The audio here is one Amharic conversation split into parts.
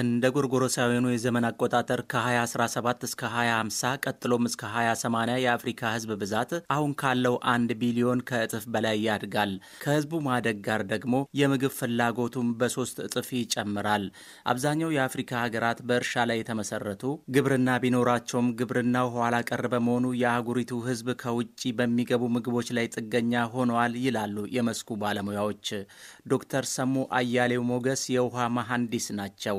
እንደ ጎርጎሮሳውያኑ የዘመን አቆጣጠር ከ2017 እስከ 2050 ቀጥሎም እስከ 2080 የአፍሪካ ህዝብ ብዛት አሁን ካለው አንድ ቢሊዮን ከእጥፍ በላይ ያድጋል። ከህዝቡ ማደግ ጋር ደግሞ የምግብ ፍላጎቱም በሶስት እጥፍ ይጨምራል። አብዛኛው የአፍሪካ ሀገራት በእርሻ ላይ የተመሰረቱ ግብርና ቢኖራቸውም ግብርናው ኋላ ቀር በመሆኑ የአህጉሪቱ ህዝብ ከውጭ በሚገቡ ምግቦች ላይ ጥገኛ ሆነዋል ይላሉ የመስኩ ባለሙያዎች። ዶክተር ሰሙ አያሌው ሞገስ የውሃ መሐንዲስ ናቸው።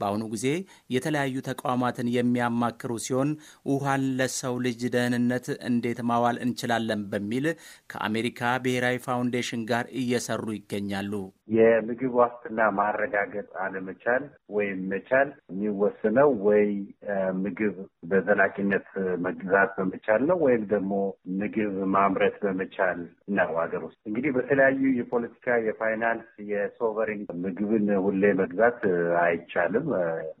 በአሁኑ ጊዜ የተለያዩ ተቋማትን የሚያማክሩ ሲሆን ውሃን ለሰው ልጅ ደህንነት እንዴት ማዋል እንችላለን በሚል ከአሜሪካ ብሔራዊ ፋውንዴሽን ጋር እየሰሩ ይገኛሉ። የምግብ ዋስትና ማረጋገጥ አለመቻል ወይም መቻል የሚወስነው ወይ ምግብ በዘላቂነት መግዛት በመቻል ነው ወይም ደግሞ ምግብ ማምረት በመቻል ነው። ሀገር ውስጥ እንግዲህ በተለያዩ የፖለቲካ፣ የፋይናንስ፣ የሶቨሪን ምግብን ሁሌ መግዛት አይቻልም።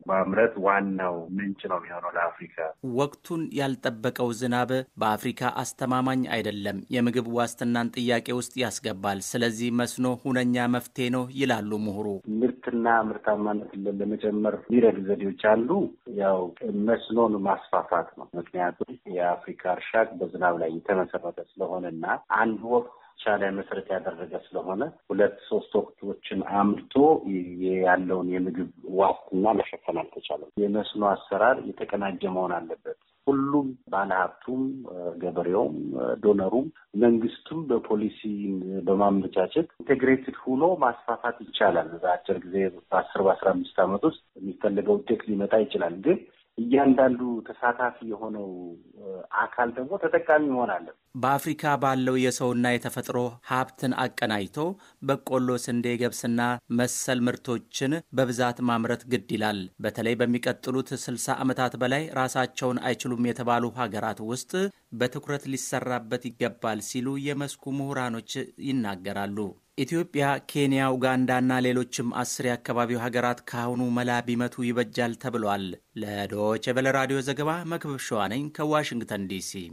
ማምረት ዋናው ምንጭ ነው የሚሆነው ለአፍሪካ። ወቅቱን ያልጠበቀው ዝናብ በአፍሪካ አስተማማኝ አይደለም፣ የምግብ ዋስትናን ጥያቄ ውስጥ ያስገባል። ስለዚህ መስኖ ሁነኛ መፍትሄ ነው ይላሉ ምሁሩ። ምርትና ምርታማነት ለመጨመር ሊረዱ ዘዴዎች አሉ። ያው መስኖን ማስፋፋት ነው። ምክንያቱም የአፍሪካ እርሻ በዝናብ ላይ የተመሰረተ ስለሆነና አንድ ወቅት ብቻ ላይ መሰረት ያደረገ ስለሆነ ሁለት ሶስት ወቅቶችን አምርቶ ያለውን የምግብ ዋስትና መሸፈን አልተቻለም። የመስኖ አሰራር የተቀናጀ መሆን አለበት። ሁሉም ባለሀብቱም፣ ገበሬውም፣ ዶነሩም፣ መንግስቱም በፖሊሲ በማመቻቸት ኢንቴግሬትድ ሆኖ ማስፋፋት ይቻላል። በአጭር ጊዜ በአስር በአስራ አምስት አመት ውስጥ የሚፈለገው ውጤት ሊመጣ ይችላል ግን እያንዳንዱ ተሳታፊ የሆነው አካል ደግሞ ተጠቃሚ መሆን አለ። በአፍሪካ ባለው የሰውና የተፈጥሮ ሀብትን አቀናጅቶ በቆሎ፣ ስንዴ፣ ገብስና መሰል ምርቶችን በብዛት ማምረት ግድ ይላል። በተለይ በሚቀጥሉት ስልሳ ዓመታት በላይ ራሳቸውን አይችሉም የተባሉ ሀገራት ውስጥ በትኩረት ሊሰራበት ይገባል ሲሉ የመስኩ ምሁራኖች ይናገራሉ። ኢትዮጵያ፣ ኬንያ፣ ኡጋንዳና ሌሎችም አስር የአካባቢው ሀገራት ከአሁኑ መላ ቢመቱ ይበጃል ተብሏል። ለዶይቼ ቬለ ራዲዮ ዘገባ መክብብ ሸዋነኝ ከዋሽንግተን ዲሲ